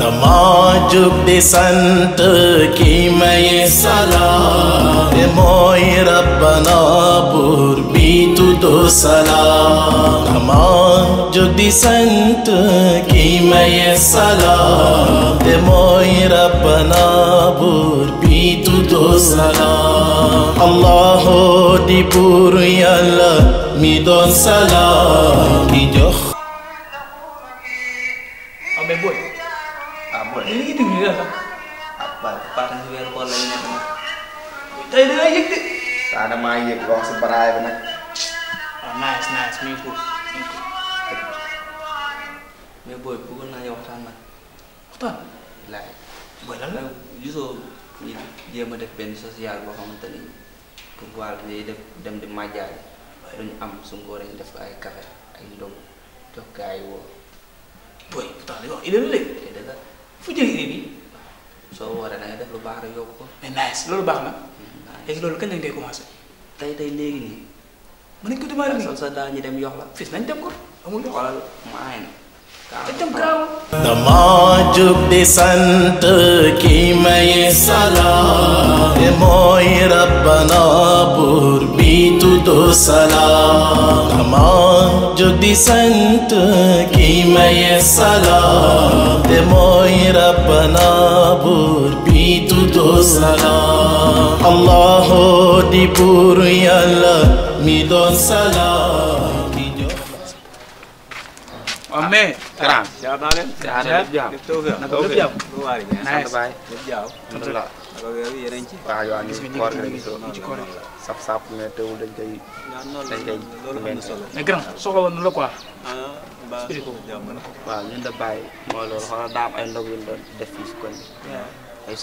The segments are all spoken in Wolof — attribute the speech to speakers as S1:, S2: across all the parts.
S1: dama jug di sant ki may salaam te mooy rabbana buur bi tuddu salaam dama jug di sant ki may salaam te mooy tey dangay yëg de. saa damaa yëg loo si baraay bi nag. waaw nice nice mi ngi ko mais booy bëggoon naa yow waxtaan nag. waxtaan. laaj. booy lan la gisoo ñu jéem a def benn social boo xamante ni pour voir liy dem di màjjaale. waaye dañu am su ngoor ñu def ay café ay ndogu jox gaa yi woo. booy pourtant dañoo wax idée la léegi. tey dëgg la fu jëlee bi. soo wooree da def lu baax rek yokk ko. nice loolu baax na. Hmm. léegi loolu kañ lañ koy commencé. tey tey léegi nii. mën nañ ko dama jug di sant ki may salaam. te mooy rabbana buur bi tudd salaam allah di buur yàlla mi doon salaam ki jox waaw mais ci waaw yow sap sap mais teewul dañ koy dañ koy loolu solo mais grand soxla woon la quoi ah, waaw ñun da bàyyi mooy loolu ay ndog doon def fii si kon ay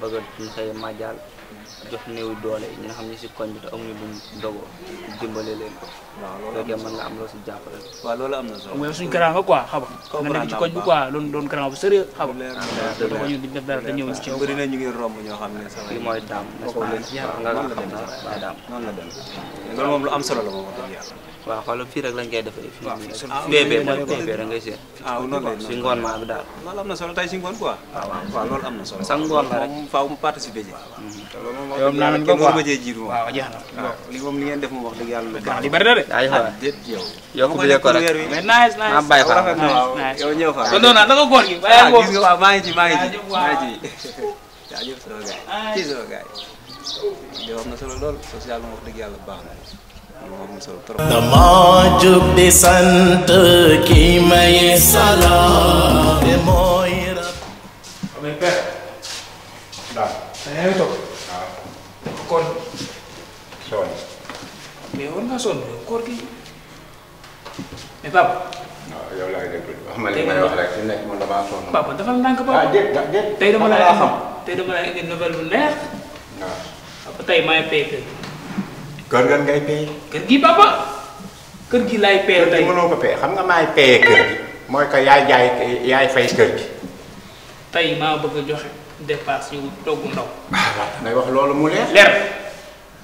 S1: bëgg a xëy màjjal jox néew doole ñi nga xam ne si koñ bi te amuñu luñ dogoo dimbale leen ko. waaw loolu am na mën nga am loo si jàppale. waaw loolu am na solo mooy suñu grand nga quoi xam nga nekk ci koñ bi quoi doon doon grand bu sérieux xam nga. leer na ñu def dara te ñëw ci bëri na ñu ngi romb ñoo xam ne sama. li mooy daam nga nga xam ne waaw daam. noonu la dem loolu moom lu am solo la moom wax dëgg yàlla. waaw xoolal fii rek lañ koy defee. waaw suñu bébé mooy bébé rek ngay seet. ah noonu la si ngoon maa bi daal. loolu am na solo tey si ngoon quoi. waaw waaw loolu am na solo sa ngoon la rek moom faaw mu participer ji. te loolu moom wax dëgg yàlla ma cee jiitu moom. waaw jeex na waaw li moom li ngeen def moom wax dëgg yàlla lu baax li bari na de. ah déet yow. yow ku bëggee ko rek mais naaj naaj maa bàyyi faa waaw yow ñëw faa. kon noonu da nga góor gi. Ah, waaw gis nga waaw maa ngi ci maa ngi ci maa ngi ci jaajëf sama gars yi ci sama gars yi. yow am na solo lool social moom wax dëgg yàlla baax na. dama jub di sant kii may salaam te yaa ngi toog. waaw. koor gi. ma may wax rek fi nekk tey dama laa xam tey dama laa indi nouvelle bu tey maay pay kër. kër gi papa. kër laay pay tey kër gi mënoo ko pay xam nga maay payee kër gi. mooy que yaay jaay yaay fay kër gi. tey maa bëgg a joxe dépasse yu togg ndaw. waaw ah, wax loolu mu leer. leer.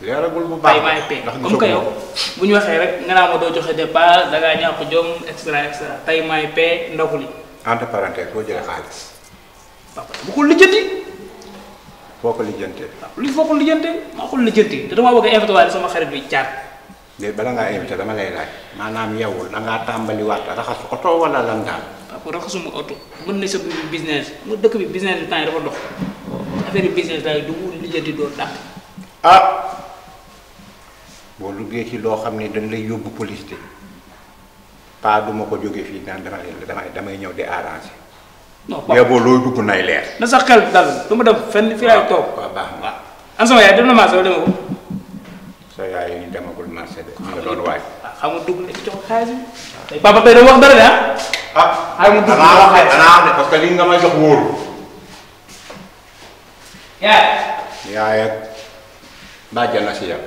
S1: leeragul bu baax ndax comme que yow bu ñu waxee rek nga naa ma doo joxe dépasse da ngaa ñàkk jom et cetera et tey maay pay ndogu li. entre parenthèse boo jëlee xaalis. bu ko lijjanti. foo ko lijjantee. Ah, li foo ko lijjantee maa ko lijjanti te damaa bëgg a invité sama xarit bi caat. léegi bala ngaa invité dama lay laaj maanaam yewul da ngaa tàmbaliwaat raxas oto wala lan daal. raxasuma oto mën na sa business mu dëkk bi business bi temps yi dafa dox affaire bi business daal du wut lijjanti doo dàq. ah boo duggee ci loo xam ne dañ lay yóbbu police de pas ma ko jógee fii naan damay damay damay ñëw di arranger. non Pape looy dugg nay leer. na sa xel dal du ma dem fenn fii laay ah, toog. baax na waaw. sama yaay dem na marché wala dema ko. sa yaay yi demagul marché de. nga doon waay. Ah, xam na ci jox xaalis wax dara de ah. ah danaa wax ne danaa wax ne parce li nga may jox wóoru. yaay. yaay ak si yow.